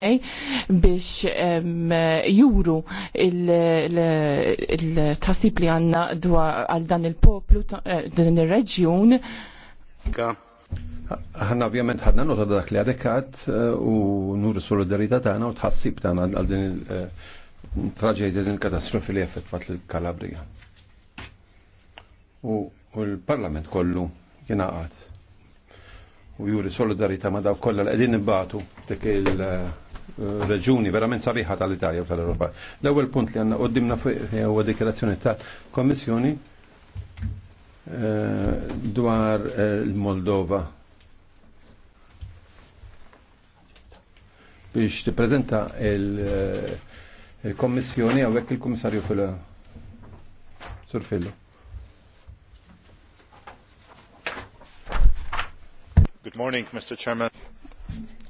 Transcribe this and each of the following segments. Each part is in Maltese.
biex juru il-tasib li għanna għal dan il-poplu, eh, dan il-reġjun. Għanna ovvjament ħadna nota dak li għadekat eh, u nuru solidarita tagħna u tħassib tagħna għal din il-traġedja eh, din il-katastrofi li effettwat l-Kalabrija. U l-Parlament kollu jingħaqad u juri solidarita ma daw kollha li qegħdin nibbatu dik il-reġuni verament sabiħa tal-Italja u tal-Europa. L-ewwel punt li għandna qudiemna fuq eh, dikjerazzjoni tal-Kommissjoni eh, dwar eh, il-Moldova biex tippreżenta il-Kommissjoni għawek il-Kummissarju fil-Surfillu. Good morning, Mr. Chairman.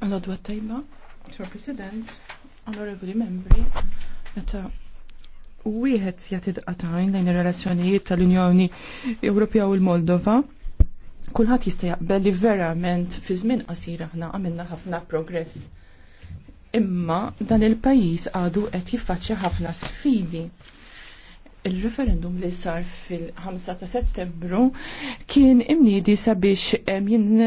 Allodwa tajba, Sir President, Honorable Membri, meta u wieħed jagħti daqatajn lejn ir-relazzjonijiet tal-Unjoni Ewropea u l-Moldova, kulħadd jista' jaqbel li verament fi żmien qasir aħna għamilna ħafna progress. Imma dan il-pajjiż għadu qed jiffaċċja ħafna sfidi il-referendum li sar fil-5 ta' settembru kien imnidi sabiex jinn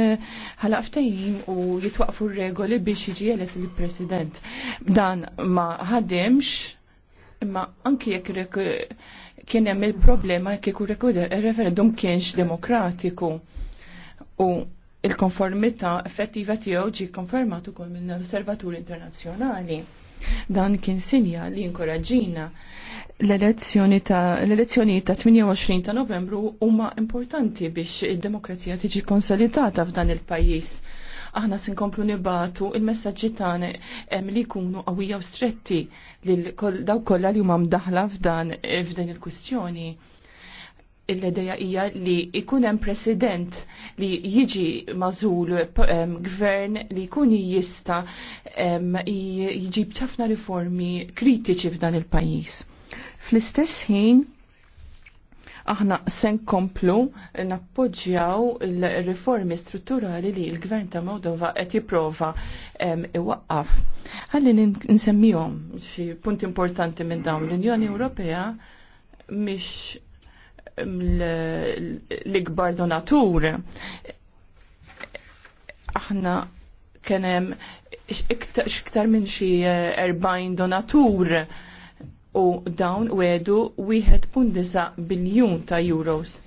ħalaftajin u jitwaqfu regoli biex jiġi jelet il-president. Dan ma ħademx imma anki jekk kien hemm il-problema kieku il-referendum kienx demokratiku u il-konformità effettiva tiegħu ġie konfermat ukoll mill-Osservaturi Internazzjonali Dan kien sinja li inkoraġina l-elezzjoni ta' ta' 28 ta' Novembru huma importanti biex id-demokrazija tiġi konsolidata f'dan il-pajjiż. Aħna se nkomplu nibatu il-messaġġi tagħna hemm li jkunu qawwija u stretti lil dawk kollha li huma mdaħla f'dan f'din il-kwistjoni l-ideja hija li jkun hemm president li jiġi mażul gvern li jkun jista jiġib ċafna riformi kritiċi f'dan il-pajjiż. Fl-istess ħin aħna sen komplu nappoġġjaw il-riformi strutturali li l-gvern ta' Moldova qed jipprova iwaqqaf. Ħalli nsemmihom xi punt importanti minn dawn l-Unjoni Ewropea mhix l-ikbar donatur. Aħna kienem xiktar minn xi 40 eh, donatur u dawn wedu 1.9 biljun ta' euros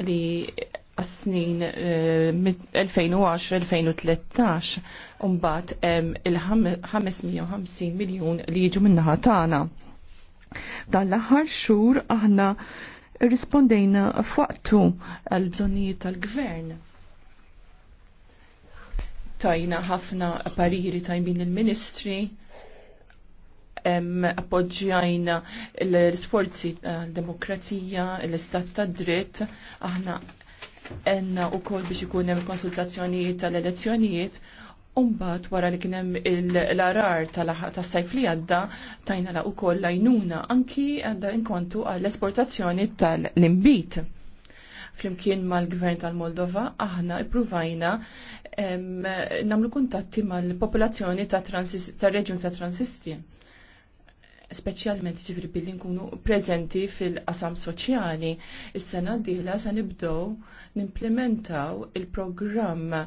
li għas-snin eh, 2010-2013 umbat il-550 miljon li jiġu minnaħa tagħna. Dan l-aħħar xhur aħna rispondejna f'waqtu għal bżonnijiet tal-gvern. Tajna ħafna pariri tajbin il-ministri, appoġġjajna l-sforzi eh, demokrazija, l-istat ta' dritt, aħna enna u kol biex ikun hemm konsultazzjonijiet tal-elezzjonijiet Umbat wara li kienem l-arar tas-sajf li għadda tajna la u koll lajnuna anki għadda inkontu għall-esportazzjoni tal-limbit. Flimkien mal-gvern tal-Moldova aħna ippruvajna namlu kuntatti mal-popolazzjoni tal-reġjun ta' transisti. Speċjalment ġifri billi nkunu prezenti fil-qasam soċjali. Is-sena d-dieħla sa nibdow nimplementaw il-programm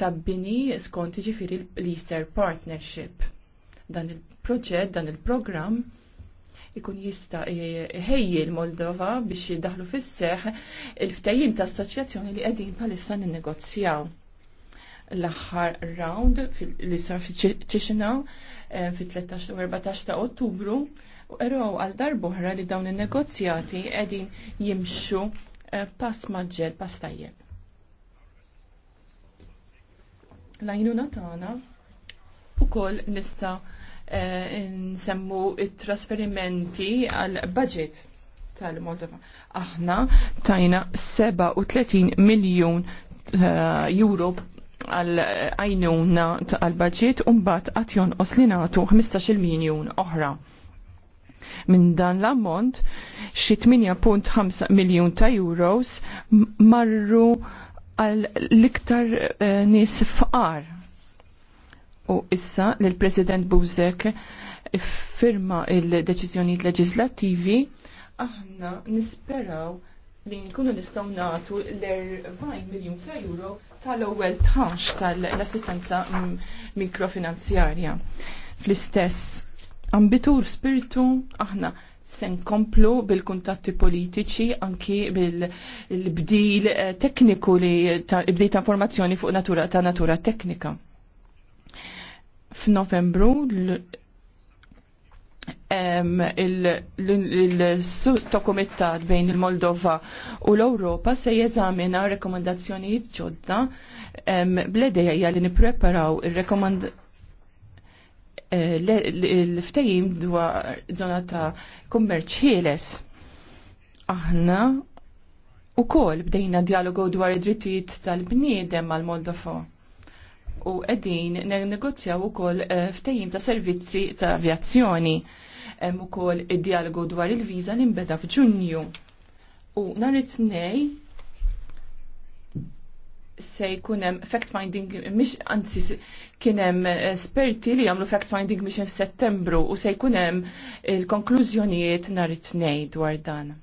tabbini skont ġifiri l-Easter Partnership. Dan il-proġett, dan il-programm ikun jista ħejji l-Moldova biex jiddaħlu fis seħħ il ftajjim ta' assoċjazzjoni li qegħdin bħalissa ninnegozjaw. L-aħħar round li sar f'Ċiċinaw eh, fit-13 u 14 ta' Ottubru u erow għal darbohra li dawn in-negozjati qegħdin jimxu eh, pass maġġel, pass tajjeb. Lajnuna tagħna ukoll nista' eh, nsemmu t trasferimenti għal budget tal-Moldova. Aħna tajna 37 miljon eh, euro għal għajnuna għal budget un-bat għatjon oslinatu 15 miljon oħra. Min dan l-ammont xi 8.5 miljun ta' euros marru għal l-iktar eh, nis faqar. U issa l-President Buzek firma il-deċizjoniet leġislativi, aħna nisperaw li nkunu nistgħu nagħtu l-40 miljun ta' euro tal-ewwel tax tal-assistenza mikrofinanzjarja. Fl-istess ambitur spiritu aħna Se nkomplu bil-kuntatti politiċi anki bil-bdil eh, tekniku li bdil ta' informazzjoni fuq natura ta' natura teknika. F'Novembru il-dokumentat bejn il-Moldova u l-Europa se jeżamina rekomendazzjonijiet ġodda bl-edeja li nipreparaw il-rekomendazzjoni Eh, l-ftejim dwar zona ta' kummerċ ħieles. Aħna u kol bdejna dialogu dwar id-drittijiet tal-bniedem mal moldofo u edin negozjaw u kol eh, ftejim ta' servizzi ta' avjazzjoni u kol id-dialogu dwar il-viza l-imbeda f'ġunju. U narit nej se jkunem fact-finding, mish anzi kienem eh, esperti li għamlu fact-finding mish settembru u se jkunem il-konklużjonijiet nar it-tnej dwar dan.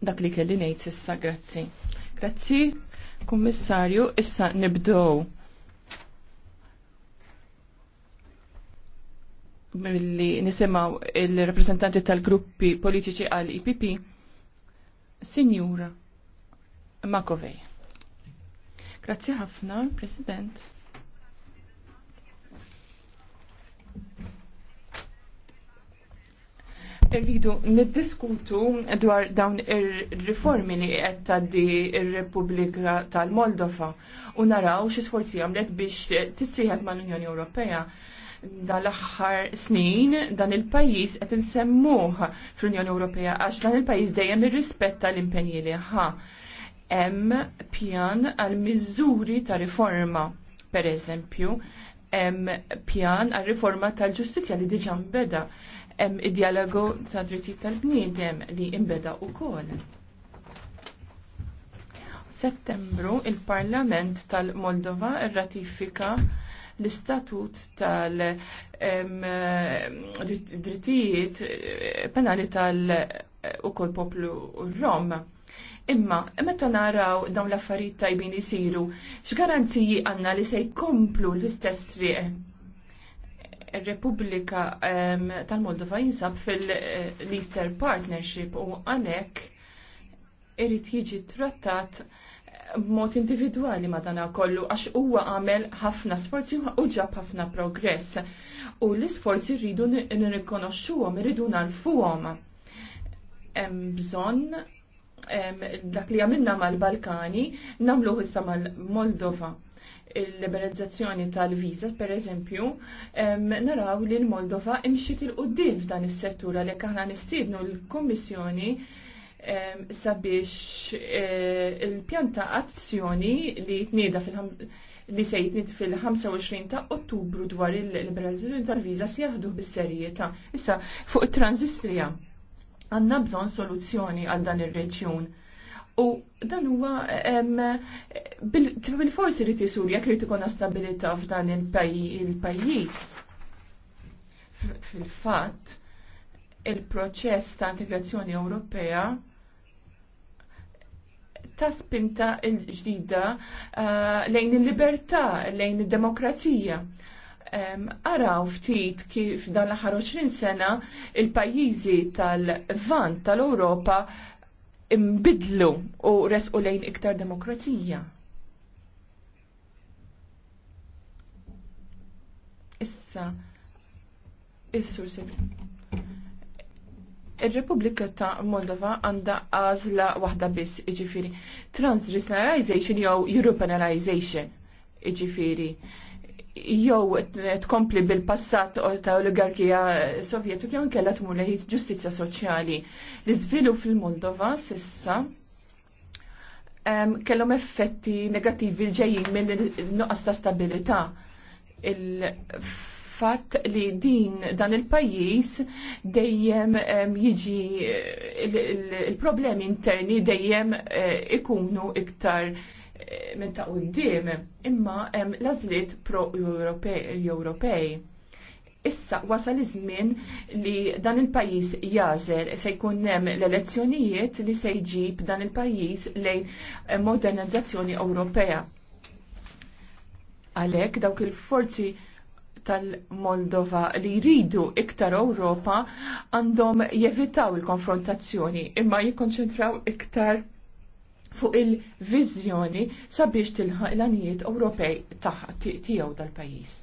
Dak li kelli nejt sissa, grazzi. Grazzi, kummissarju, issa nibdow. Milli nisimaw il-reprezentanti tal-gruppi politiċi għal-IPP, Signora Makovej. Grazzi ħafna, President. Irridu niddiskutu dwar dawn ir-riformi li qed tgħaddi r-Repubblika tal-Moldova u naraw xi sforzi għamlet biex tissieħed mal-Unjoni Ewropea dal-aħħar snin dan il-pajjiż qed insemmuh fl-Unjoni Ewropea għax dan il-pajjiż dejjem irrispetta l-impenji li ħa hemm pjan għal miżuri ta' riforma. Per eżempju, hemm pjan għal riforma tal-ġustizzja li diġà mbeda hemm id-dialogu ta' drittijiet tal-bniedem li imbeda wkoll. Settembru il-Parlament tal-Moldova rratifika l-istatut tal-drittijiet penali tal- ukoll poplu Rom Imma, meta naraw dawn l-affarijiet tajbin jisiru, x'garanziji għandna li se jkomplu l-istess triq? Ir-Repubblika ehm, tal-Moldova jinsab fil-Easter Partnership u għalhekk irid jiġi trattat b'mod individwali dana kollu għax huwa għamel ħafna sforzi u ġab ħafna progress. U l-isforzi rridu nirrikonoxxuhom, rridu nalfuhom. Hemm bżonn dak li għamilna mal-Balkani namlu issa mal-Moldova il-liberalizzazzjoni tal-viza, per eżempju, naraw li l-Moldova imxiet il-qoddim f'dan is-settur għalhekk aħna nistiednu l-Kummissjoni sabiex eh, il-pjanta azzjoni li jitnieda li se jitnit fil-25 ta' Ottubru dwar il-liberalizzazzjoni tal viza se jaħdu bis-serjetà. Issa fuq it transistrija Għanna bżon soluzzjoni għal dan ir-reġjun. U dan huwa bil-forsi rid isur jekk irid ikun stabilità f'dan il-pajjiż. Fil-fatt, il-proċess ta' integrazzjoni Ewropea ta' spinta l ġdida eh, lejn il-libertà, lejn id demokrazija Araw ftit kif dan l-aħħar 20 sena il-pajjiżi tal-vant tal-Ewropa imbidlu u resqu lejn iktar demokrazija. Issa, is il Ir-Repubblika ta' Moldova għandha għażla waħda biss, iġifiri. transnationalization jew Europeanization, iġifiri jew tkompli bil-passat ta' oligarkija sovjetika jew inkella tmur ġustizzja soċjali. l iżvilu fil-Moldova sissa kellhom effetti negattivi ġejjin minn nuqqas ta' stabilità. fatt li din dan il-pajjiż dejjem jiġi il-problemi interni dejjem eh, ikunu iktar minn ta' quddiem, imma hemm l pro-Ewropej. Issa wasal iż-żmien li dan il-pajjiż jażel se jkun hemm l-elezzjonijiet li se jġib dan il-pajjiż lejn eh, modernizzazzjoni Ewropea. Għalhekk dawk il-forzi tal-Moldova li jridu iktar Ewropa għandhom jevitaw il-konfrontazzjoni imma jikkonċentraw iktar fuq il-vizjoni sabiex tilħaq l-anijiet Ewropej tiegħu dal-pajjiż.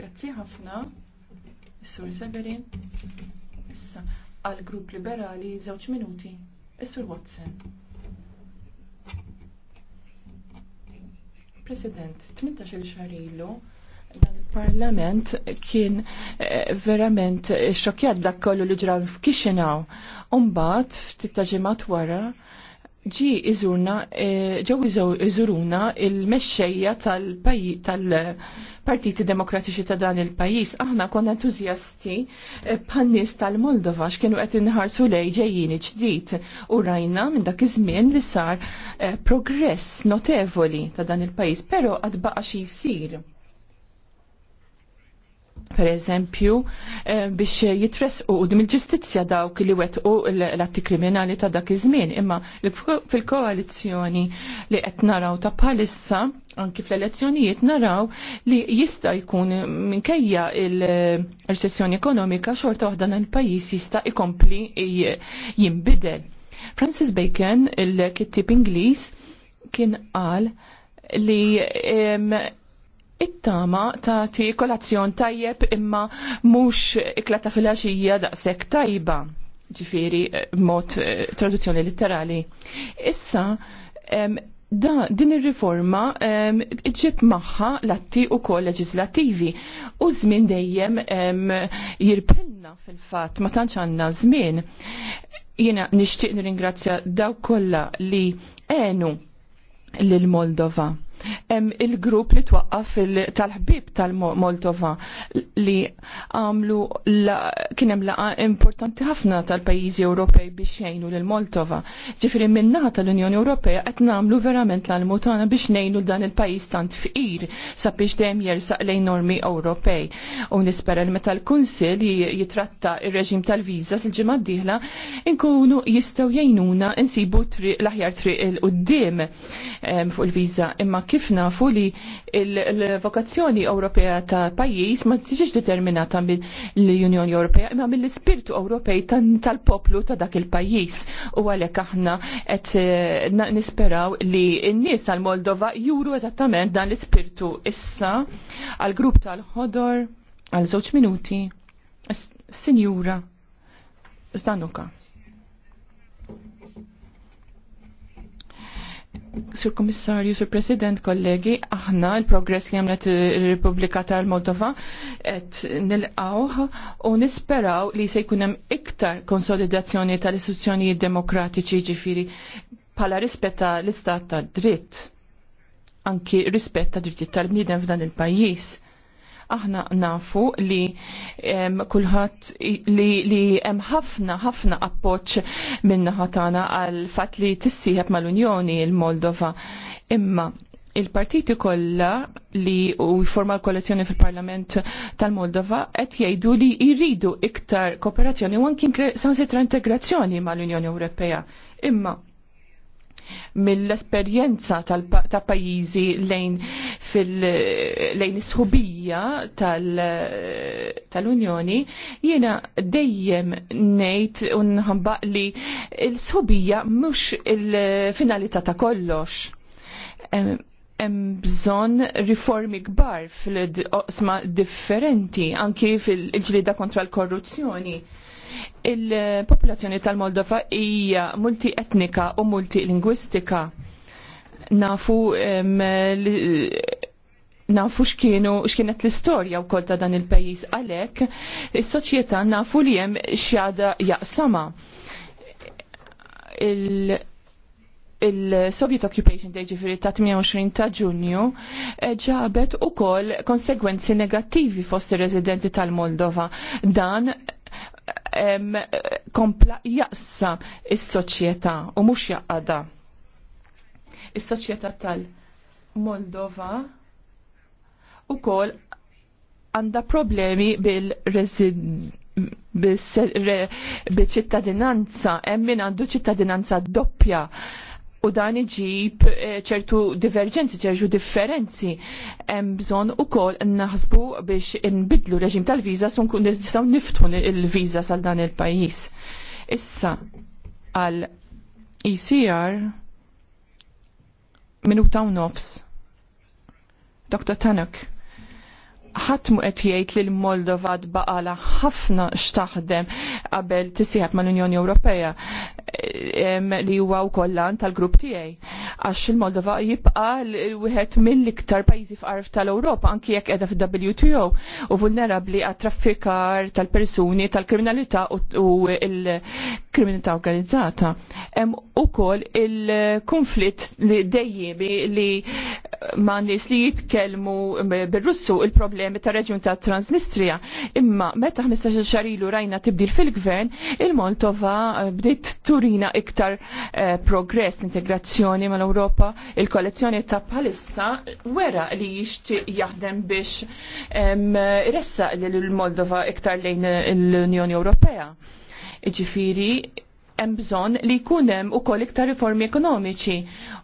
Grazzi ħafna, Sur Severin. Issa, għal grupp liberali żewġ minuti, Sur Watson. President, 18 xahar ilu dan il-parlament kien eh, verament xokjat dak kollu li ġra f'Kixinaw. Umbat, ftit ta' ġimgħat wara, ġi iżurna, e, ġew iżuruna il-mexxejja tal-Partiti Demokratiċi ta' dan il-pajjiż. Aħna kon entużjasti pan-nies e, tal-Moldova x'kienu qed inħarsu lej ġejjini ġdid u rajna minn dak iż-żmien li sar e, progress notevoli ta' dan il-pajjiż, però qatt baqa' xi jsir per eżempju, eh, biex jitres u dim il-ġustizja dawk li u l-atti kriminali ta' dak iż-żmien, imma fil-koalizzjoni li qed naraw ta' bħalissa anki fl-elezzjonijiet naraw li jista' jkun minkejja il-recessjoni ekonomika xorta waħda il pajjiż jista' ikompli jinbidel. Francis Bacon, il-kittib Ingliż, kien qal li it-tama tagħti kolazzjon tajjeb imma mhux ikla ta' filgħaxija daqshekk tajba. Ġifieri eh, mod eh, traduzzjoni litterali. Issa da, din ir-riforma ġib magħha latti u kol leġislattivi u żmien dejjem jirpenna fil-fatt ma tantx għandna żmien. Jiena nixtieq nirringrazzja daw kollha li għenu lil Moldova il-grupp li twaqqaf tal-ħbib tal-Moldova li għamlu kienem laqa importanti ħafna tal-pajizi Ewropej biex jgħinu l-Moldova. Ġifri minna tal-Unjoni Ewropea qed namlu verament l-mutana biex ngħinu dan il pajjiż tant fqir sabiex dejjem jersaq lejn normi Ewropej. U nispera li meta l-Kunsil jitratta ir-reġim tal-viża sil-ġimgħa d-dieħla inkunu jistgħu jgħinuna insibu l-aħjar triq il-qudiem fuq il-viża imma kif nafu li l-vokazzjoni Ewropea ta' pajjiż ma tiġix determinata mill-Unjoni Ewropea imma mill-ispirtu Ewropej tal-poplu ta' dak il-pajjiż. U għalhekk aħna qed eh, nisperaw li n-nies tal-Moldova juru eżattament dan l-ispirtu issa għall grupp tal-ħodor għal żewġ minuti. Sinjura, zdanuka. Sur Komissarju, Sur President, kollegi, aħna il-progress li għamlet il-Repubblika tal-Moldova et nil għawħ u nisperaw li se jkunem iktar konsolidazzjoni tal istituzzjoni demokratiċi ġifiri pala rispetta l-istat ta' dritt, anki rispetta dritti tal-bniedem f'dan il-pajjiż Aħna nafu li kulħadd li hemm ħafna ħafna appoġġ min-naħa tagħna għal fatt li tissieħeb mal-Unjoni il-Moldova. Imma il-partiti kollha li u jforma l-koalizjoni fil-Parlament tal-Moldova qed jgħidu li jridu iktar kooperazzjoni u anki sansitra integrazzjoni mal-Unjoni Ewropea. Imma mill-esperjenza ta' pajjiżi lejn fil-lejn isħubija tal-Unjoni, tal jiena dejjem ngħid u li l-sħubija mhux il-finalità ta' kollox. Hemm bżonn riformi kbar fil-oqsma differenti anki fil-ġlida kontra l-korruzzjoni Il-popolazzjoni tal-Moldova hija multietnika u multilingwistika. Nafu nafu xkienu xkienet l-istorja wkoll ta' dan il-pajjiż għalhekk is-soċjetà nafu li hemm xjada jaqsama. Il il-Soviet Occupation Day ġifiri ta' 28 ta' ġunju e, ġabet u kol konsegwenzi negattivi fost il-residenti tal-Moldova. Dan kompla jaqsa il soċjetà u mhux jaqada. Is-soċjetà tal-Moldova kol għandha problemi bil bil-ċittadinanza, emmin għandu ċittadinanza doppja u dan iġib eh, ċertu diverġenzi, ċertu differenzi. Hemm bżonn ukoll naħsbu biex inbidlu reġim tal-viża sun kun nistaw niftħu il-viża sal dan il-pajjiż. Issa għal ECR minuta u nofs. Dr. Tanak ħadd mu qed jgħid li l-Moldova tbaqala ħafna x'taħdem qabel tisieħeb mal-Unjoni Ewropea li huwa wkoll lan tal-grupp tiegħi. Għax il-Moldova jibqa' wieħed mill-iktar pajjiżi f'qarf tal-Ewropa anki jekk qiegħda fil-WTO u vulnerabbli għat traffikar tal-persuni tal-kriminalità u l kriminalità organizzata. Hemm ukoll il-konflitt li dejjebi li ma' nies li jitkellmu bir-Russu il-problemi ta' reġjun ta' Transnistria. Imma meta 15 xar ilu rajna tibdil fil-gvern, il-Moldova eh, bdiet turina iktar eh, progress l-integrazzjoni mal-Ewropa, il-kollezzjoni ta' palissa wera li jixtieq jaħdem biex ressa l-Moldova iktar lejn l-Unjoni Ewropea. Ġifiri, hemm bżonn li jkun hemm ukoll iktar riformi ekonomiċi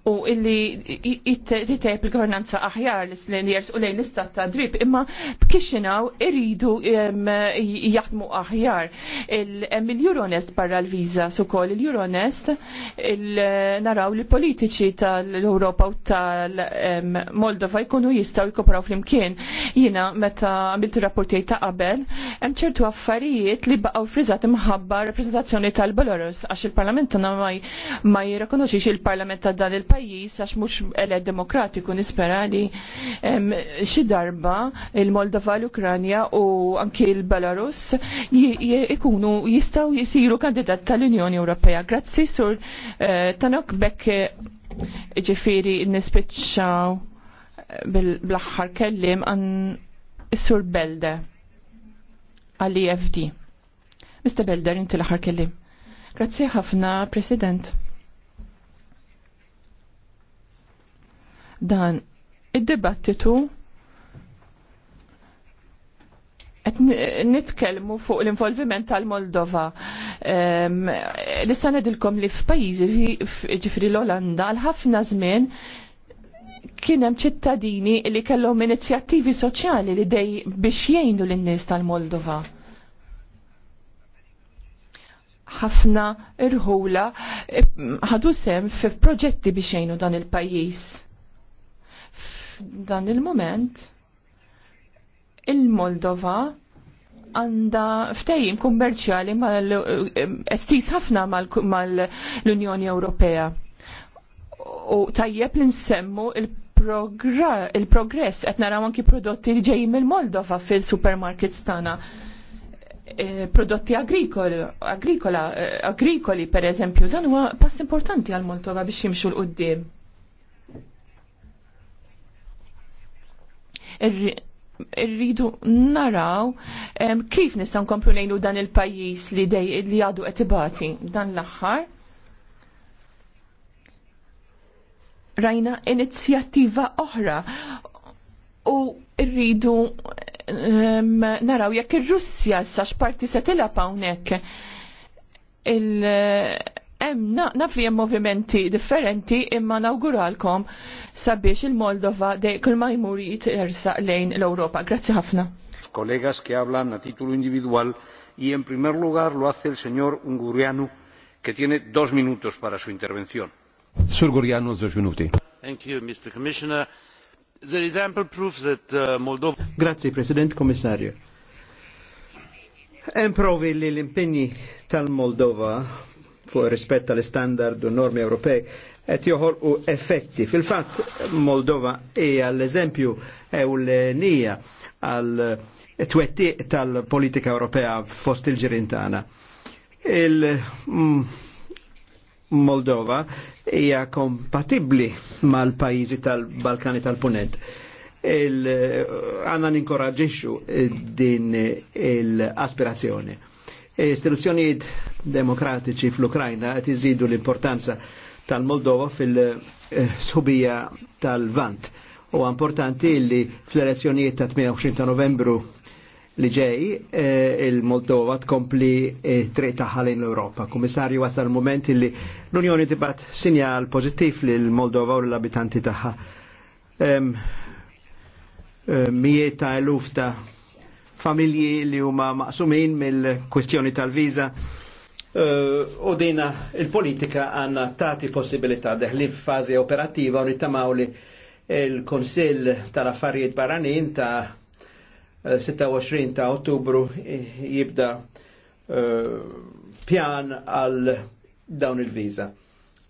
u illi titejb il-governanza aħjar li u lejn l-istat ta' drib imma b'kixinaw iridu jaħdmu aħjar. Il-Euronest barra l-viża sukoll il-Euronest naraw li politiċi tal-Ewropa u tal-Moldova jkunu jistgħu jkopraw flimkien. Jiena meta għamilt rapportijiet ta' qabel, hemm ċertu affarijiet li baqgħu friżat imħabba rappreżentazzjoni tal-Belarus għax il-Parlament tagħna ma jirrekonoxix il-Parlament ta' dan il-pajjiż għax mhux eled demokratiku nispera li xi darba il-Moldova l-Ukranja u anki l-Belarus ikunu jistgħu jisiru kandidat tal-Unjoni Ewropea. Grazzi sur eh, tanok bekk eh, ġifiri nispiċċaw eh, bil-axħar kellim għan Sur Belde għal ifd Mr. Belder, inti l-axar kellim. Grazzi ħafna, President. Dan, id-dibattitu nitkelmu fuq l-involviment tal-Moldova. Ehm, nista' nedilkom li f'pajjiżi ġifri l-Olanda għal ħafna żmien kien hemm ċittadini li kellhom inizjattivi soċjali li dej biex jgħinu lin-nies tal-Moldova ħafna irħula e, ħadu sem fi proġetti biex jgħinu dan il-pajjiż. F'dan il-moment il-Moldova għanda ftejim kummerċjali e, estis ħafna mal-Unjoni Ewropea. U tajjeb li nsemmu il-progress qed naraw anki prodotti li ġejjin mill-Moldova fil-supermarkets tagħna Eh, prodotti eh, agricoli agrikola, agrikoli per eżempju, dan huwa pass importanti għal Moldova biex jimxu l-qoddim. Irridu naraw kif nistgħu nkomplu lejlu dan il-pajjiż li dej li għadu qed ibati dan l-aħħar. Rajna inizjattiva oħra u rridu naraw jekk ir-Russja s-sax parti se tilab hawnhekk. Il hemm naf li hemm movimenti differenti imma nawguralkom sabiex il-Moldova kull ma jmur jitqersaq lejn l-Ewropa. Grazzi ħafna. Kollegas ki hablan a titulu individual y en primer lugar lo hace el señor Ungurianu que tiene dos minutos para su intervención. Sur Gurianu, dos minuti. Thank you, Mr. Commissioner the example proves that uh, Moldova... Grazie, President Commissario. Hemm provi li l-impegni tal-Moldova fuq rispett tal standard u normi Ewropej qed u effetti. Fil-fatt Moldova e l-eżempju ewlenija għal twetti tal-politika Ewropea fost il-ġirin Il Moldova hija kompatibbli mal-pajjiżi tal-Balkani tal-Punent. Eh, għanna ninkoraġġixxu eh, din eh, l-aspirazzjoni. Istituzzjonijiet demokratiċi fl-Ukrajna qed iżidu l-importanza tal-Moldova fil-subija tal-Vant. U importanti li fl-elezzjonijiet ta' 28 ta' novembru li ġej eh, il-Moldova tkompli eh, triq triq lejn l ewropa Kummissarju wasal l-moment li l-Unjoni tibat sinjal pożittiv li l-Moldova u l-abitanti taħħa. Eh, mijiet ta' eluf ta' familji li huma maqsumin mill-kwestjoni tal-viza u uh, dina il-politika għanna tati possibilità deħli f'fazi operattiva u nittamaw li il-Konsil tal-Affarijiet Barranin ta' 26 eh, ta' ottubru eh, jibda eh, pjan għal dawn il-viza.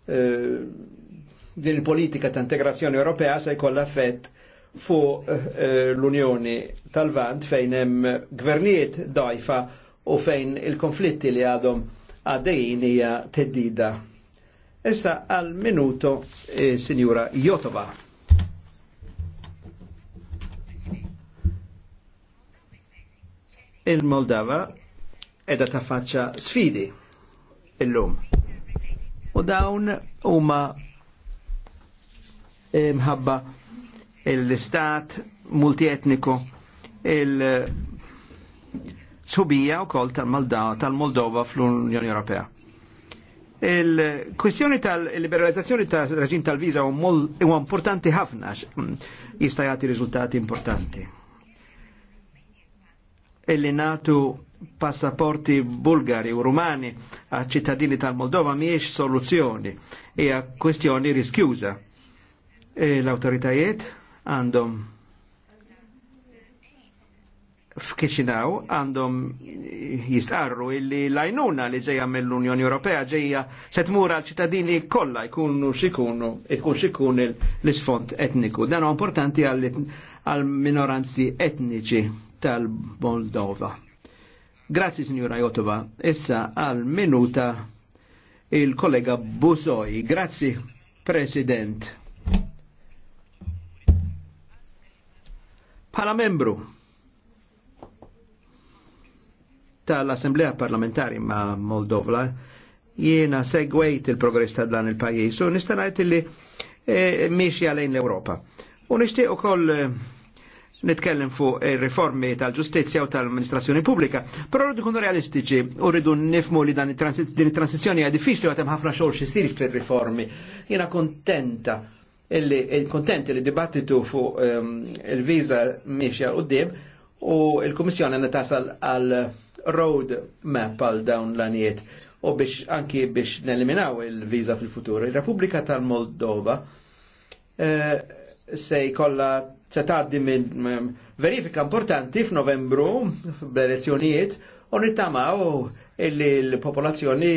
din il-politika ta' integrazzjoni Ewropea se jkollha fett fu l-Unjoni tal-Vant fejn hemm gvernijiet dajfa u fejn il-konflitti li għadhom għaddejjin hija teddida. Issa għal minuto, Signora Sinjura Jotova. il-Moldava edha tafaċċa sfidi illum. U dawn huma eh, mħabba l-istat multietniku il-subija u kol tal-Moldova tal fl-Unjoni Ewropea. Il-kwistjoni tal-liberalizzazzjoni tal-reġim tal-viza u importanti ħafna mm, jistajati riżultati importanti illi natu passaporti bulgari u rumani a ċittadini tal-Moldova miex soluzzjoni, e a kwestjoni riskjuża. E L-autoritajiet għandhom f'Kiċinaw għandhom jistarru illi lajnuna li ġeja mill-Unjoni Ewropea ġeja setmura għal ċittadini kollha jkunu xikunu, ikun xikun l-isfond etniku. Dan importanti għal minoranzi etniċi tal-Moldova. Grazzi, signora Jotova. Essa għal minuta il-kollega Busoi. Grazzi, President. Pala membru tal-Assemblea Parlamentari ma' Moldova, jiena segwejt il-progress ta' dan il-pajis u nistanajt li e, eh, miexi l-Europa. U nishtiq u koll eh, nitkellem fuq riformi tal-ġustizja u tal-amministrazzjoni pubblika, però rridu kunu realistiċi u rridu nifmu li dan din it-transizjoni hija diffiċli u għatem ħafna xogħol sir fir-riformi. Jiena kontenta illi eh, kontenti li dibattitu fuq ehm, il-viża miexja qudiem u l-Kummissjoni għandha tasal għal road map għal dawn l-anijiet u biex anki biex neliminaw il-viża fil-futur. Il-Repubblika tal-Moldova eh, se jkollha se taħdi minn verifika importanti f'Novembru b'elezzjonijiet u nittamaw illi l-popolazzjoni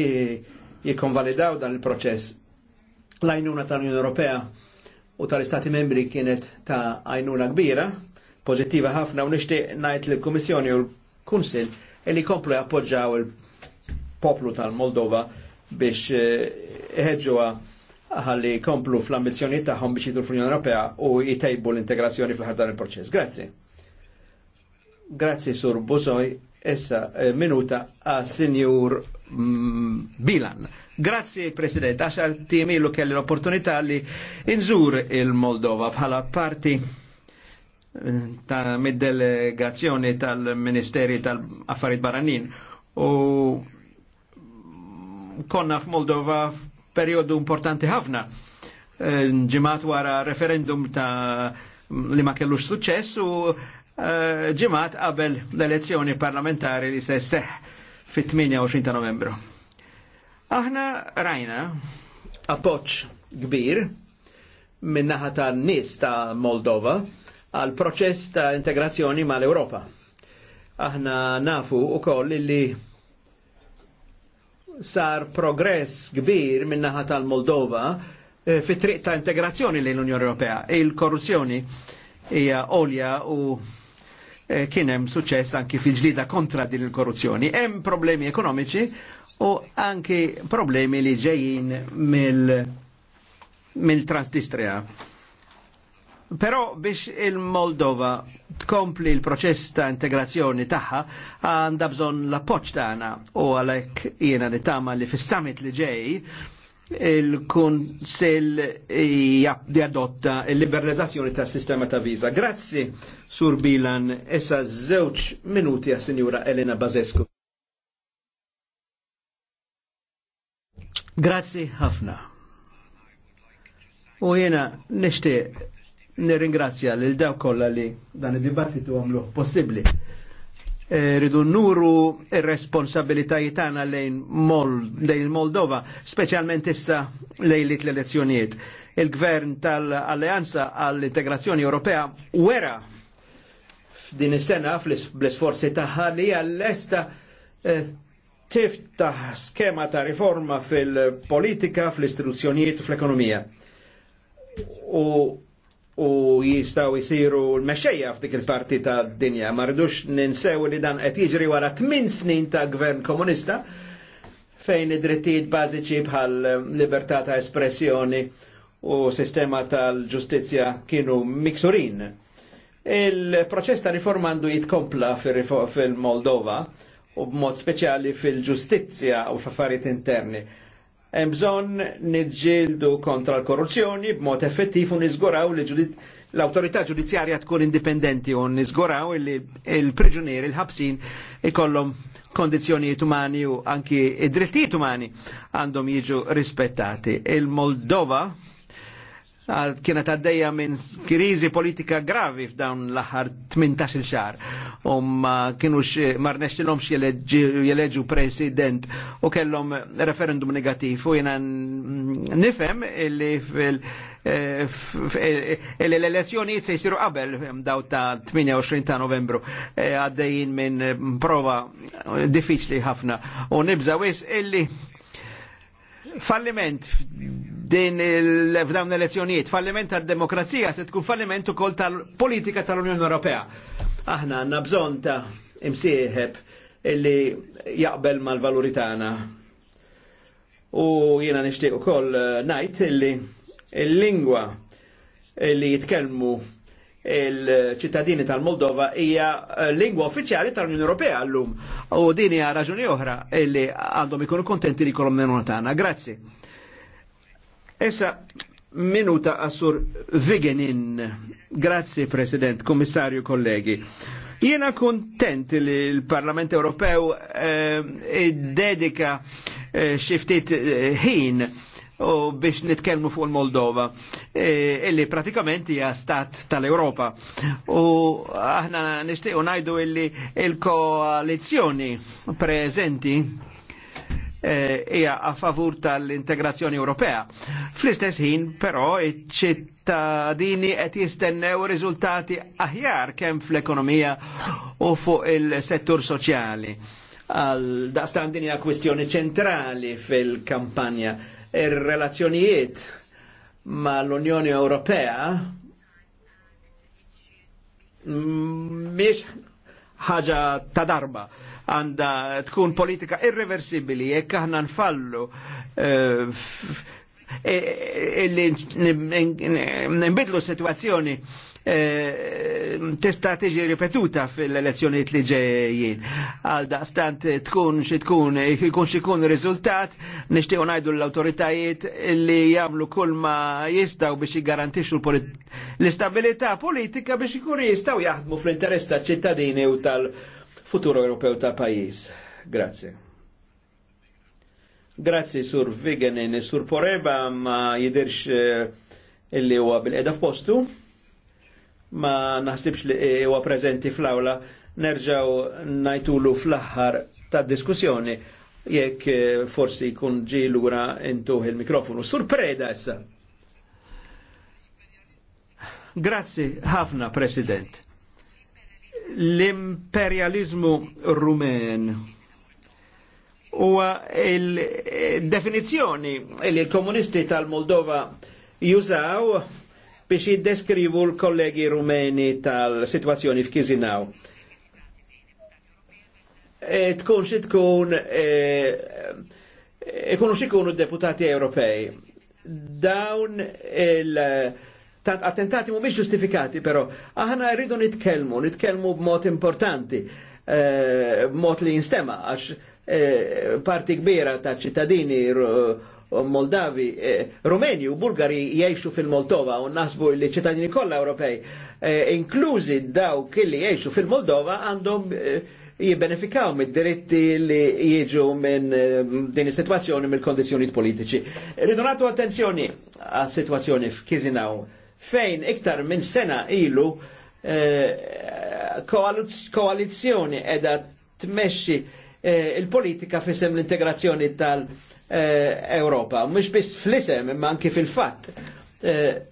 jikonvalidaw dan il-proċess. l ajnuna tal-Unjoni Ewropea u tal-Istati membri kienet ta' Ajnuna kbira, pozittiva ħafna u nixtieq ngħid lill-Kummissjoni u l-Kunsil illi komplu jappoġġaw il-poplu tal-Moldova biex eh, iħeġġuha eh, għalli komplu fl-ambizjoni taħħom biex jidur fl-Unjoni Ewropea u jtejbu l-integrazzjoni fl-ħardan il-proċess. Grazzi. Grazzi sur Busoj, essa eh, minuta a Sinjur mm, Bilan. Grazzi President, għaxar tiemilu kelli l-opportunità li inżur il-Moldova bħala parti eh, ta' mid-delegazzjoni tal-Ministeri tal-Affarijiet Barranin u konna f-Moldova periodu importanti ħafna. Eh, ġimat wara referendum ta' li ma kellux suċess u eh, ġimat qabel l-elezzjoni parlamentari li se seħ fit-28 ta' novembru. Aħna rajna appoċ kbir minnaħa ta' nis ta' Moldova għal proċess ta' integrazzjoni mal-Europa. Aħna nafu u koll li sar progress kbir naħa tal-Moldova eh, fi triq ta' integrazzjoni lejn l-Unjoni Ewropea. Il-korruzzjoni hija olja u eh, kien hemm suċċess anki fil-ġlida kontra din il-korruzzjoni. Hemm problemi ekonomiċi u anki problemi li ġejjin mill-Transnistria. Mil Però biex il-Moldova tkompli l-proċess ta' integrazzjoni tagħha għandha bżonn l-appoġġ tagħna u għalhekk jiena nitama li fis-summit li ġej il-Kunsel jadotta il-liberalizzazzjoni tas sistema ta' viza. Grazzi, Sur Bilan, essa żewġ minuti għas Sinjura Elena Bazescu. Grazzi ħafna. U jena nishtiq nirringrazzja lil daw kollha li dan id-dibattitu għamluh possibbli. Eh, Ridu nuru ir-responsabilitajiet tagħna lejn lejn Moldova, speċjalment issa lejlit l-elezzjonijiet. Il-gvern tal-Alleanza għall-Integrazzjoni Ewropea wera f'din is-sena fl-isforzi tagħha li hija esta eh, tiftaħ skema ta' riforma fil-politika, fl-istituzzjonijiet u fl-ekonomija. U u jistaw jisiru l-mexxejja f'dik il-parti ta' dinja. Ma rridux ninsew li dan qed jiġri wara 8 snin ta' gvern komunista fejn id-drittijiet bażiċi bħal libertà ta' espressjoni u sistema tal-ġustizja kienu miksurin. Il-proċess ta' riformandu jitkompla fil-Moldova u b'mod speċjali fil-ġustizja u f'affarijiet interni hemm bżonn niġġieldu kontra l-korruzzjoni b'mod effettiv u niżguraw li ġudit l-autorità ġudizzjarja tkun indipendenti u niżguraw li l-priġunieri l-ħabsin ikollhom kondizjonijiet umani u anki id-drittijiet umani għandhom jiġu rispettati. Il-Moldova kienet għaddeja minn krizi politika gravi f'dawn l-aħħar 18 xar. Um kienu kienux marnex l-om jeleġu president u kellhom referendum negativ u jena nifem fil eh, eh, l-elezzjoni se jisiru qabel daw ta' 28 ta' novembru eh, għaddejjin minn prova diffiċli ħafna u nibżawis illi falliment din f'dawn elezzjonijiet, falliment tal-demokrazija se tkun falliment ukoll tal-politika tal-Unjoni Ewropea. Aħna għandna bżon ta' imsieħeb illi jaqbel mal-valuri tagħna. U jiena nixtieq ukoll eh, ngħid illi l-lingwa illi jitkellmu il-ċittadini tal-Moldova hija eh, lingwa uffiċjali tal-Unjoni Ewropea llum. U din hija raġuni oħra illi għandhom ikunu kontenti li kolom nenuna tagħna. Grazzi. Issa minuta assur Vigenin. Grazzi President, Kommissarju, kollegi. Jiena kontent li l-Parlament Ewropew eh, id-dedika eh, xiftit eh, ħin eh, u biex nitkelmu fuq il-Moldova, e, illi pratikament hija stat tal-Europa. U aħna nixtiequ ngħidu illi il-koalizzjoni preżenti e, hija a favur tal-integrazzjoni Ewropea. Fl-istess ħin però iċ-ċittadini qed jistennew riżultati aħjar kemm fl-ekonomija u fuq il-settur soċjali. Għal daqstan din hija kwistjoni ċentrali fil-kampanja il relazzjonijiet ma l-Unjoni Ewropea miex ħaġa ta' darba għanda tkun politika irreversibili e aħna nfallu eh, eh, eh, illi nbidlu situazzjoni Eh, tista' tiġi ripetuta fil-elezzjonijiet li ġejjin. Għal daqstant tkun xi tkun xikun xi jkun najdu ngħidu l-awtoritajiet li jagħmlu kull ma jistgħu biex jiggarantixxu l-istabilità politika biex ikun jistgħu jaħdmu fl-interess ta' ċittadini u tal-futur Ewropew ta' pajjiż Grazie. Grazzi sur Vigenin, sur Poreba ma jidirx eh, illi huwa bil-qeda f'postu ma naħsibx li huwa preżenti fl-awla nerġaw najtulu fl-aħħar ta' diskussjoni jekk eh, forsi kun ġi lura intuħ il-mikrofonu. Surpreda issa. Grazzi ħafna, President. L-imperializmu rumen huwa il-definizjoni eh, li il l-komunisti tal-Moldova jużaw biex jiddeskrivu l-kollegi rumeni tal-situazzjoni f'Kizinaw. E, tkun xi tkun ikunu e, e, xikunu deputati Ewropej. Dawn il- tant attentati mhumiex ġustifikati, però aħna rridu nitkellmu, nitkellmu b'mod importanti, e, b'mod li jinstema' għax e, parti kbira ta' ċittadini Moldavi, eh, Rumeni u Bulgari jiexu fil-Moldova u nasbu li ċittadini kollha Ewropej, eh, inklużi dawk kelli jiexu fil-Moldova għandhom eh, jibbenefikaw mid-diritti li jieġu minn din is-sitwazzjoni mill-kondizjoni politiċi. Ridu nagħtu attenzjoni għas-sitwazzjoni f'Kizinaw fejn iktar minn sena ilu eh, koalizzjoni edha tmexxi Eh, il-politika fisem l-integrazzjoni tal-Europa. Eh, Mux biss fl-isem, imma anki fil-fat. Eh,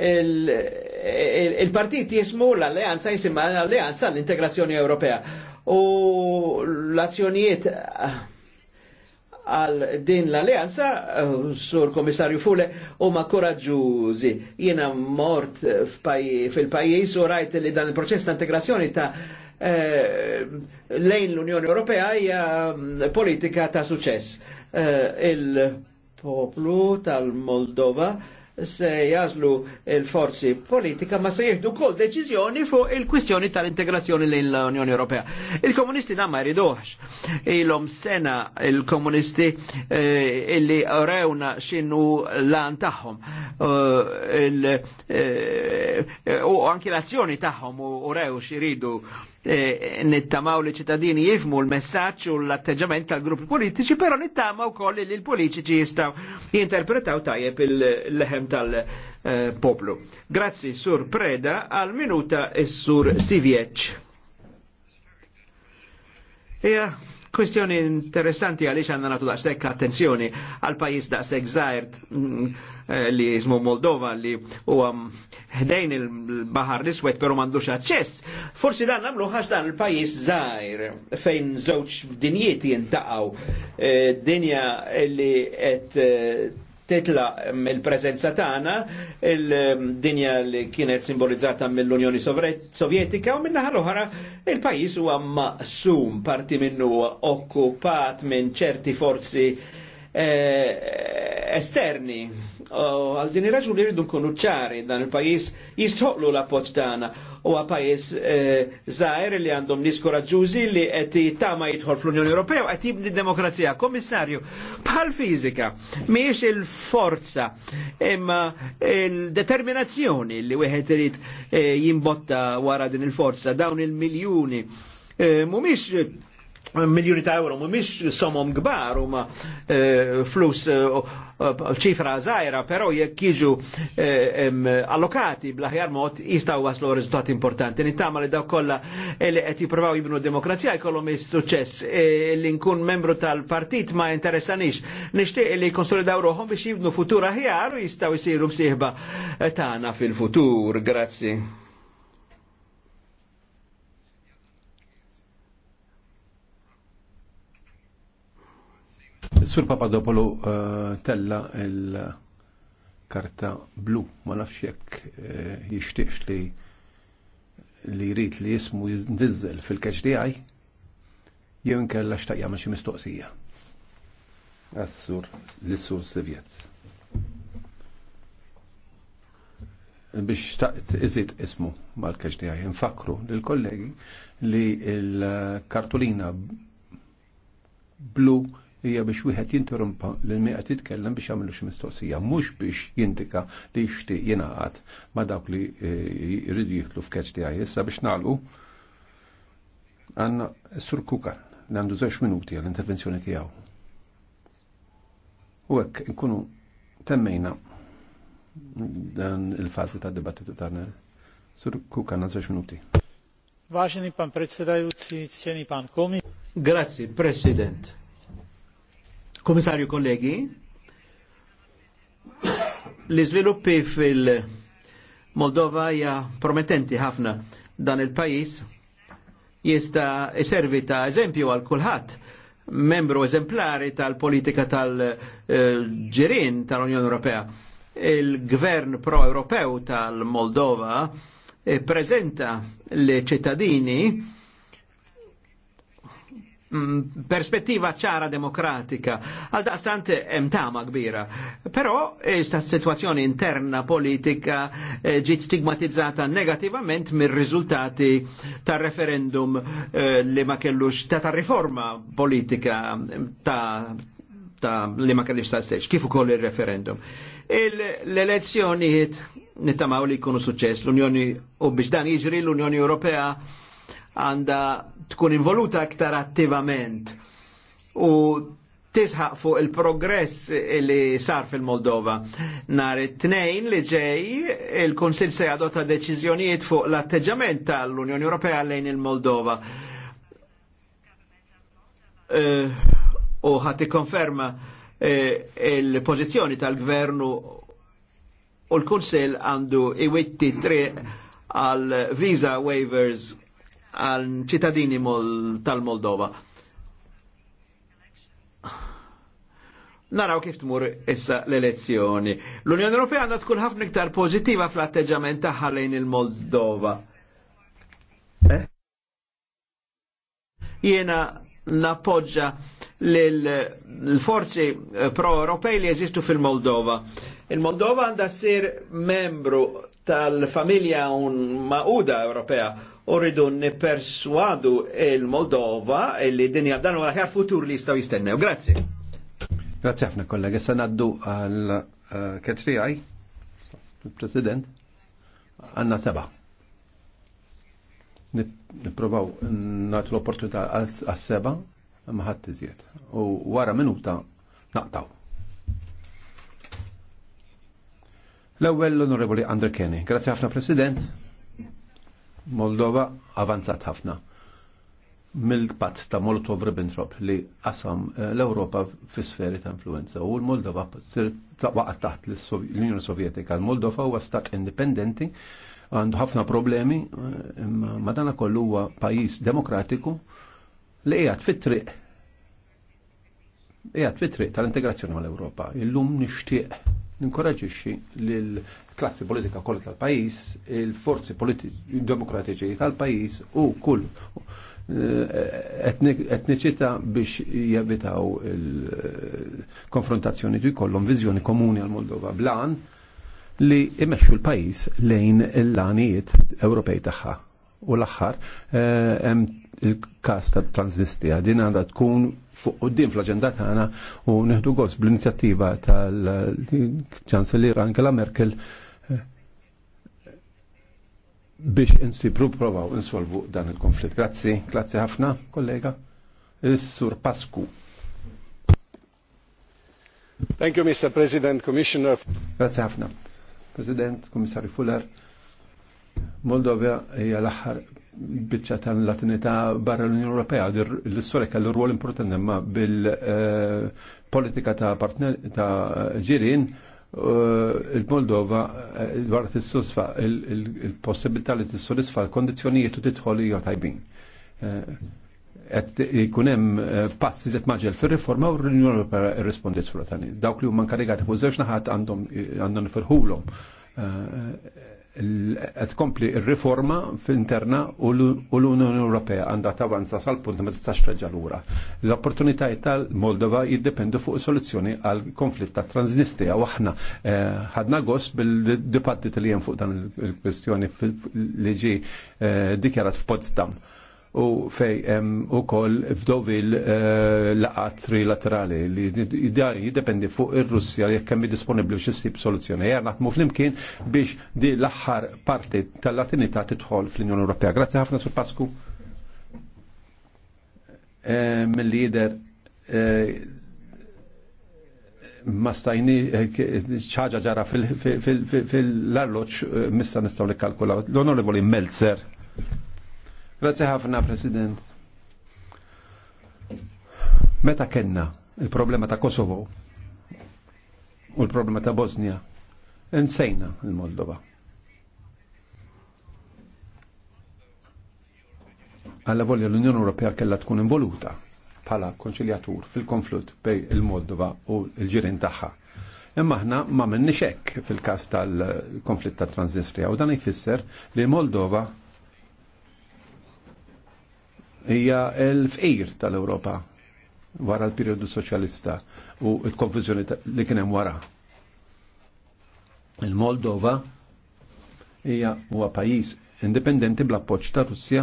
Il-partit jismu l-alleanza jisimma l-alleanza l-integrazzjoni Ewropea. U l-azzjonijiet għal din l-alleanza, eh, sur komissarju Fule, u ma koraġużi. Jena mort fil-pajis u rajt li dan il-proċess ta' integrazzjoni ta' eh, lejn l-Unjoni Ewropea hija mm, politika ta' suċess. Eh, il-poplu tal-Moldova se jazlu il-forzi politika ma se jihdu kol deċizjoni fuq il-kwistjoni tal-integrazzjoni lejn l-Unjoni Ewropea. Il-komunisti da ma jriduħx. Ilhom sena il-komunisti eh, illi rewna xinu lan tagħhom. Uh, u anki l-azzjoni tagħhom u rew xiridu eh, nittamaw li ċittadini jifmu l-messaġġ u l atteġament tal-gruppi politiċi, pero nittamaw koll li l-politiċi jistaw jinterpretaw tajjeb il-leħem tal-poplu. Grazzi, sur Preda, għal minuta e sur Sivieċ. Ja, kwestjoni interessanti għaliex għanna natu daqstek attenzjoni għal pajis daqstek zaħert mm, eh, li jismu Moldova li u ħdejn il-Bahar l iswet pero mandux aċċess. Forsi dan namlu ħax dan il-pajis zaħir fejn zoċ dinjieti jintaqaw eh, dinja li għet titla mill-prezenza tagħna il-dinja li kienet simbolizzata mill-Unjoni Sovjetika u minnaħa l-oħra il-pajjiż huwa maqsum parti minnu okkupat minn ċerti forzi eh, esterni. Għal din ir-raġuni rridu nkunu ċari dan il-pajjiż jistħoqlu l-appoġġ tagħna a pajjiż eh, zaħir li għandhom nisko koraġġużi li qed jittama jidħol fl-Unjoni Ewropea u qed jibni demokrazija. Kommissarju, bħal fiżika mhijiex il-forza imma il-determinazzjoni li wieħed irid eh, jimbotta wara din il-forza dawn il-miljuni eh, mhumiex miljoni ta' euro mumiex somom gbar u ma eh, flus eh, ċifra zaħira, pero però jekk jiġu eh, allokati bl-aħjar mod jistgħu waslu riżultati importanti. Nittama li daw kollha li qed jippruvaw jibnu demokrazija jkollhom is-suċċess e, li nkun membru tal-partit ma interessanix. Nixtieq li jkonsolidaw ruħhom biex jibnu futur aħjar u jistgħu jsiru msieħba tagħna fil-futur. Grazzi. Sur Papadopoulou eh, tella il-karta blu, ma nafx jekk eh, jixtiex li li jrid li jismu jizdizzel fil-keċ tiegħi jew inkella xtaqja ma xi mistoqsija. Assur l-sur Sivjetz. biex taqt iżid ismu mal-keċ tiegħi. Infakru lill-kollegi li l-kartulina blu hija biex wieħed jinterrompa lil mieqa titkellem biex jagħmlu xi mistoqsija, mhux biex jindika li jixtieq jingħaqad ma' dawk li eh, jridu jieħlu f'keċ tiegħi issa biex nagħlqu għandna Sur Kuka li għandu żewġ minuti għall-intervenzjoni tiegħu. U hekk inkunu temmejna dan il-fażi tad-dibattitu tagħna. Eh, Sur Kuka għandu żewġ minuti. Vážený pán predsedajúci, cený pan komi. Grazie, president. Komissarju kollegi, li sviluppi fil-Moldova hija promettenti ħafna dan il-pajis jista servi ta' eżempju għal kulħadd membru eżemplari tal-politika tal-ġirin tal-Unjoni Ewropea. Il-gvern pro-Ewropew tal-Moldova prezenta li ċittadini Mm, perspettiva ċara demokratika. Għal daqstant hemm tama kbira. Però e, sta situazzjoni interna politika e, ġiet stigmatizzata negativament mir-riżultati tar-referendum e, li ma kellux ta' tar riforma politika ta' ta' li ma kellix ta' steċ, kif ukoll il-referendum. L-elezzjonijiet nittamaw li jkunu suċċess l-Unjoni u biex dan jiġri l-Unjoni Ewropea għanda tkun involuta aktar attivament u tisħaq fuq il-progress li sar fil-Moldova. Nar it-tnejn li ġej il-Kunsil se jadota deċiżjonijiet fuq l-atteġġament tal-Unjoni Ewropea lejn il-Moldova. Eh, u uh, ħati konferma uh, eh, il-pożizzjoni tal-Gvernu u l-Kunsil għandu iwitti tri għal visa waivers għal ċittadini tal-Moldova. Naraw kif tmur issa l-elezzjoni. L-Unjoni Ewropea għandha tkun ħafna iktar pożittiva fl-atteġġament tagħha lejn il-Moldova. Eh? Jiena nappoġġa l-forzi eh, pro-Ewropej li jeżistu fil-Moldova. Il-Moldova għandha ssir membru tal-familja un ma'uda Ewropea u rridu niperswadu il-Moldova illi dinja dan u l-ħjar futur li jistaw jistennew. Grazie. Grazie ħafna kollega. Sa naddu għal għaj, eh, il-President, għanna seba. Niprovaw nagħtu l-opportunità għal seba maħat iżjed. U wara minuta naqtaw. L-ewwel l-Onorevoli Andre Kenny. Grazzi ħafna President. Moldova avanzat ħafna mill pat ta' Molotov-Ribbentrop li qasam eh, l-Ewropa fi sferi ta' influenza u l-Moldova waqgħet taħt l-Unjoni Sovjetika. L-Moldova huwa stat indipendenti, għandu ħafna problemi, eh, imma madana kollu huwa pajjiż demokratiku li qiegħed fit-triq qiegħed fit-triq tal-integrazzjoni mal-Ewropa. Illum nixtieq ninkoraġixxi lil klassi politika kollha tal-pajjiż, il-forzi politiċi demokratiċi tal-pajjiż u kull eh, etniċità biex jevitaw il-konfrontazzjoni tu jkollhom viżjoni komuni għal Moldova blan li imexxu l-pajjiż lejn l-lanijiet Ewropej tagħha U l-axħar, eh, hemm il-kas ta' transistija din għandha tkun fuq din fl-aġenda tagħna u neħdu gost bl-inizjattiva tal-ċanselier Angela Merkel eh, biex insibru provaw insolvu dan il-konflitt. Grazzi, grazzi ħafna, kollega. Is-Sur Pasku. Thank you, Mr. President, Commissioner. Grazie ħafna. President, Komissarju Fuller Moldova hija l-aħħar biċċa tal-Latinità barra l-Unjoni Ewropea l-istorja kellu rwol importanti imma bil-politika eh, ta' partner ta' ġirien eh, il-Moldova dwar eh, tissosfa il-possibilità li tissodisfa l-kondizzjonijiet u tidħol hija tajbin. Qed jkun hemm passi żed maġel fir-riforma u l-Unjoni Ewropea rrispondiet sura Dawk li huma nkarigati fuq żewġ naħat għandhom għandhom nifirħulhom qed kompli r-riforma f'interna u l-Unjoni Ewropea għandha tavanza sal-punt ma tistax terġa' lura. L-opportunitajiet tal-Moldova jiddependu fuq soluzzjoni għal konflitt ta' Transnistria u aħna eh, ħadna gost bil-dibattit li hemm fuq dan il-kwestjoni li ġie eh, dikjarat f'Potsdam u fej u ukoll f'dovil laqat trilaterali li jiddependi fuq ir-Russja jekk hemm disponibbli xi ssib soluzzjoni. Ejja naħdmu flimkien biex di l-aħħar parti tal-Latinità tidħol fl-Unjoni Ewropea. Grazzi ħafna sur Pasku. Mill-lider ma stajni ċaġa ġara fil-arloċ missa nistaw li kalkula. L-onorevoli Melzer. Grazie ħafna, President. Meta kenna il-problema ta' Kosovo u l-problema ta' Bosnia, insejna il-Moldova. Għalla volja l-Unjoni Ewropea kella tkun involuta bħala konċiljatur fil-konflutt bej il-Moldova u l-ġirin tagħha. Imma aħna ma minni fil-każ tal-konflitt ta' Transnistria u dan jfisser li Moldova hija l-fqir tal-Ewropa wara l-periodu soċjalista u l-konfuzjoni li kien hemm wara. Il-Moldova hija huwa pajjiż indipendenti bl-appoġġ ta' Russja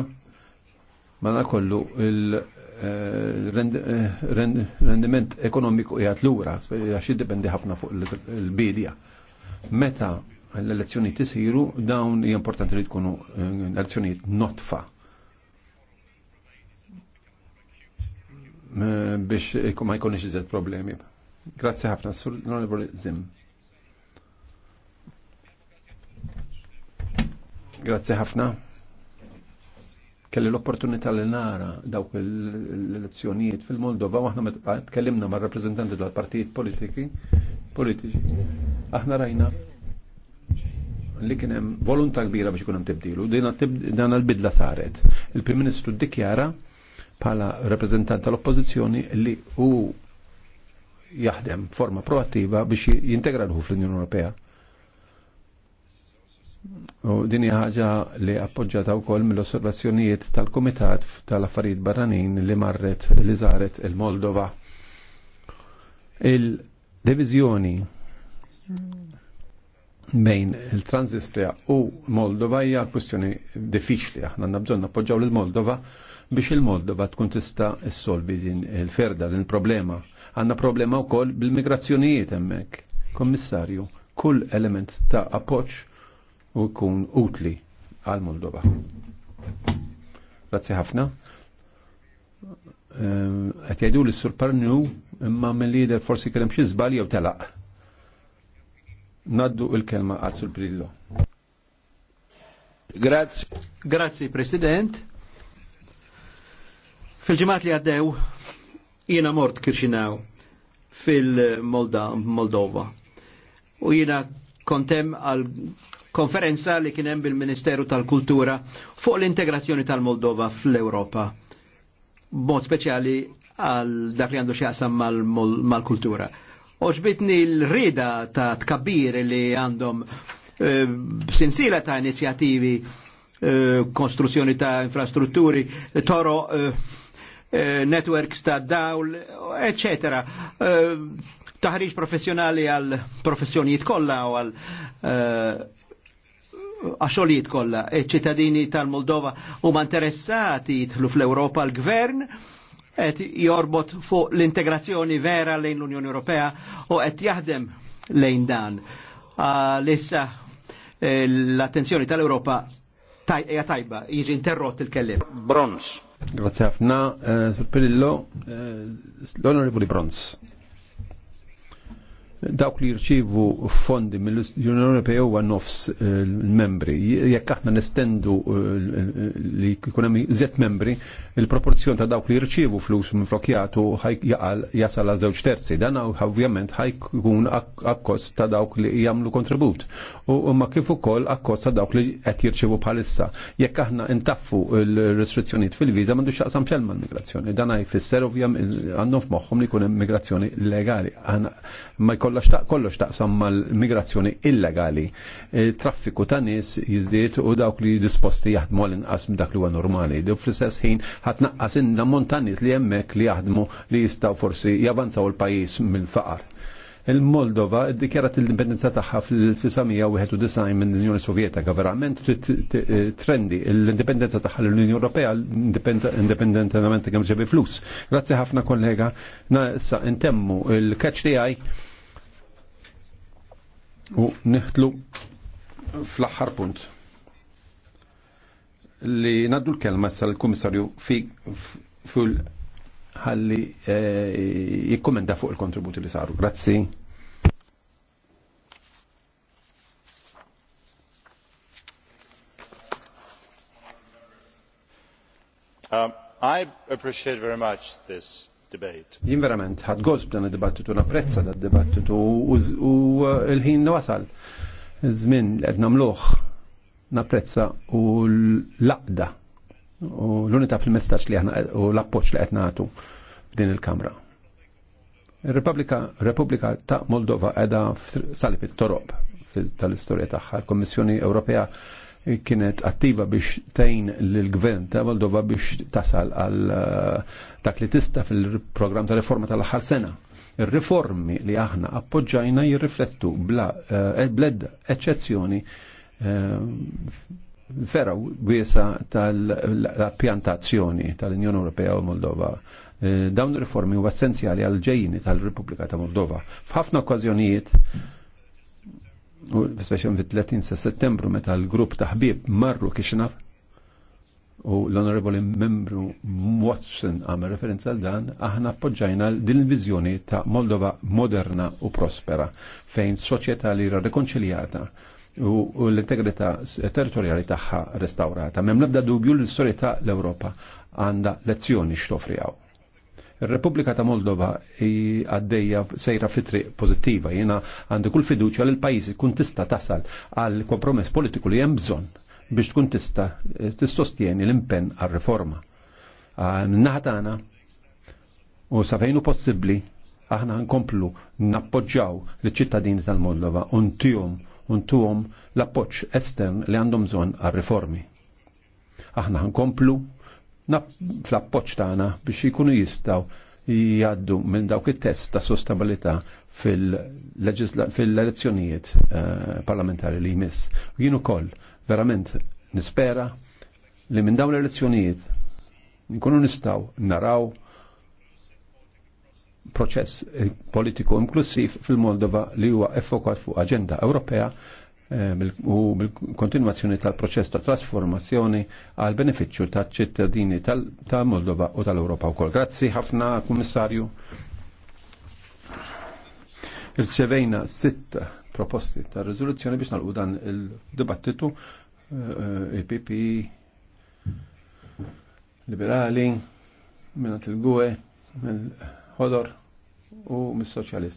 ma kollu il-rendiment eh, eh, ekonomiku qiegħed lura għax jiddependi ħafna fuq il-bidja. Meta l-elezzjoni tisiru dawn hija importanti li tkunu eh, elezzjoni notfa' Eh, biex ma jkunx iżed problemi. Grazzi ħafna, sur l-onorevoli Zim. Grazzi ħafna. Kelli l-opportunità li nara dawk l-elezzjonijiet fil-Moldova, u aħna tkellimna ma' rappresentanti tal-partijiet politiki, politiċi. Aħna rajna li kien hemm volontà kbira biex ikun hemm tibdilu, dina l-bidla saret. Il-Prim Ministru ddikjara pala reprezentant tal-oppożizzjoni li hu jaħdem forma proattiva biex jintegra fl-Unjoni Ewropea. U din hija ħaġa li appoġġjata wkoll mill-osservazzjonijiet tal-Kumitat tal-Affarijiet Barranin li marret li żaret il-Moldova. Il-diviżjoni bejn il-Transistria u Moldova hija kwestjoni diffiċli aħna għandna bżonn nappoġġaw lill Moldova biex il-Moldova tkun tista' issolvi din il-ferda, din il-problema. Għandna problema wkoll bil-migrazzjonijiet hemmhekk. Kommissarju, kull element ta' appoġġ u jkun utli għal Moldova. Grazzi ħafna. Ehm, qed jgħidu li sur Parnu imma mill-lider forsi kellhem xi żbal jew telaq. Naddu il-kelma għal sur Grazzi Grazie. Grazie President. Fil-ġemat li għaddew, jiena mort kirxinaw fil-Moldova. U jiena kontem għal konferenza li kienem bil-Ministeru tal-Kultura fuq l-integrazzjoni tal-Moldova fl europa Mod speċjali għal dak li għandu xjaqsam mal-kultura. Oġbitni l-rida ta' tkabbir li għandhom e, sinsila ta' inizjativi, eh, konstruzzjoni ta' infrastrutturi, toro e, Eh, networks ta' dawl, eccetera. Eh, taħriġ professjonali għal professjonijiet kollha u għal eh, għaxolijiet kollha. E ċittadini tal-Moldova huma interessati jidħlu fl-Ewropa l-gvern qed jorbot fuq l-integrazzjoni vera lejn l-Unjoni Ewropea u qed jaħdem lejn dan. Lissa l-attenzjoni tal-Europa tajja tajba, jiġi interrott il-kellim. Bronz. Grazie ħafna, eh, Sur Perillo, eh, l'onorevole onorevoli Bronz dawk li jirċivu fondi mill-Unjoni Ewropea huwa nofs l-membri. Eh, jekk aħna nestendu eh, li jkun hemm żed membri, il-proporzjon ta' dawk li jirċivu flus minn flokjatu jaqal jasal għal żewġ terzi. Dan ovvjament ħajkun akkost ta' dawk li jagħmlu kontribut. U ma kif ukoll akkost ta' dawk li qed jirċivu bħalissa. Jekk aħna intaffu l-restrizzjonijiet fil-viża m'għandux x'aqsam xelma l-migrazzjoni. Dan jfisser ovvjament għandhom f'moħħhom li jkun hemm migrazzjoni legali. Ma kollox ta' kollox taqsam mal-migrazzjoni illegali. E, traffiku ta' nies jizdiet u dawk li disposti jaħdmu għal-inqas dak li huwa normali. Dew fl-istess ħin ħatnaqqas naqqas ammont ta' nies li hemmhekk li jaħdmu li jistgħu forsi javanzaw il-pajjiż mill-faqar il-Moldova dikjarat l-indipendenza tagħha fil-1991 minn l-Unjoni Sovjetika verament trendi l-indipendenza tagħha l-Unjoni Ewropea indipendentament kemm ġebi flus. Grazzi ħafna kollega, issa intemmu il-catch eye. U niħtlu fl axar punt li naddu l-kelma sal-komissarju ful ħalli eh, jikkomenda fuq il-kontributi li saru. Grazzi. Um, I appreciate very much this debate. Jien verament ħad gosb dan id-dibattitu, napprezza dan id-dibattitu u uh, l-ħin wasal. Zmin Żmien qed nagħmluh napprezza u l-laqda u l unita fil-messaġġ li aħna u l appoċ li qed nagħtu f'din il-Kamra. Republika, Republika ta' Moldova qiegħda salib it-torob tal-istorja tagħha. Il-Kommissjoni Ewropea kienet attiva biex tejn l-gvern ta' Moldova biex tasal għal eh, dak li tista fil-programm ta' riforma tal-aħħar sena. Ir-riformi li aħna appoġġajna jirriflettu bla eh, eh, bled eċċezzjoni vera wiesa tal-pjantazzjoni tal-Unjoni Ewropea u Moldova dawn ir-riformi huwa essenzjali għal ġejjini tal-Repubblika ta' Moldova. F'ħafna okkażjonijiet u speċjalment fit-30 sa' settembru meta l-grupp ta' ħbieb marru Kishnaf, u l-Honorable Membru Watson għamel referenza għal dan, aħna appoġġajna din il-vizjoni ta' Moldova moderna u prospera, fejn soċjetà li rekonċiljata u l-integrità territorjali tagħha restaurata. Mem nabda dubju l-istorja ta' l-Ewropa għandha lezzjoni x'toffri hawn. Il-Repubblika ta' Moldova għaddejja sejra fitri pozittiva, jena għandu kull fiduċja li l-pajis kun tista tasal għal kompromess politiku li hemm bżonn biex tkun tista tistostieni l-impenn għal reforma. Naħatana u safajnu possibbli aħna nkomplu nappoġġaw l-ċittadini tal-Moldova un untijom untuhom l-appoġġ estern li għandhom bżonn għal reformi. Aħna nkomplu fl-appoċ tagħna biex jkunu jistgħu jgħaddu minn dawk it-test ta' sostabilità fil-elezzjonijiet eh, parlamentari li jmiss. Jien ukoll verament nispera li minn dawn l-elezzjonijiet nkunu nistgħu naraw proċess politiku inklusiv fil-Moldova li huwa effokat fuq aġenda Ewropea Eh, u bil-kontinuazzjoni tal-proċess ta' trasformazzjoni għal beneficju ta' ċittadini tal-Moldova u tal-Europa wkoll. Grazzi ħafna, Kummissarju. Irċevejna sitt proposti ta' riżoluzzjoni biex nalqu dan il-dibattitu EPP eh, e Liberali, minnat il-GUE, mill-ħodor u mis-soċjalist.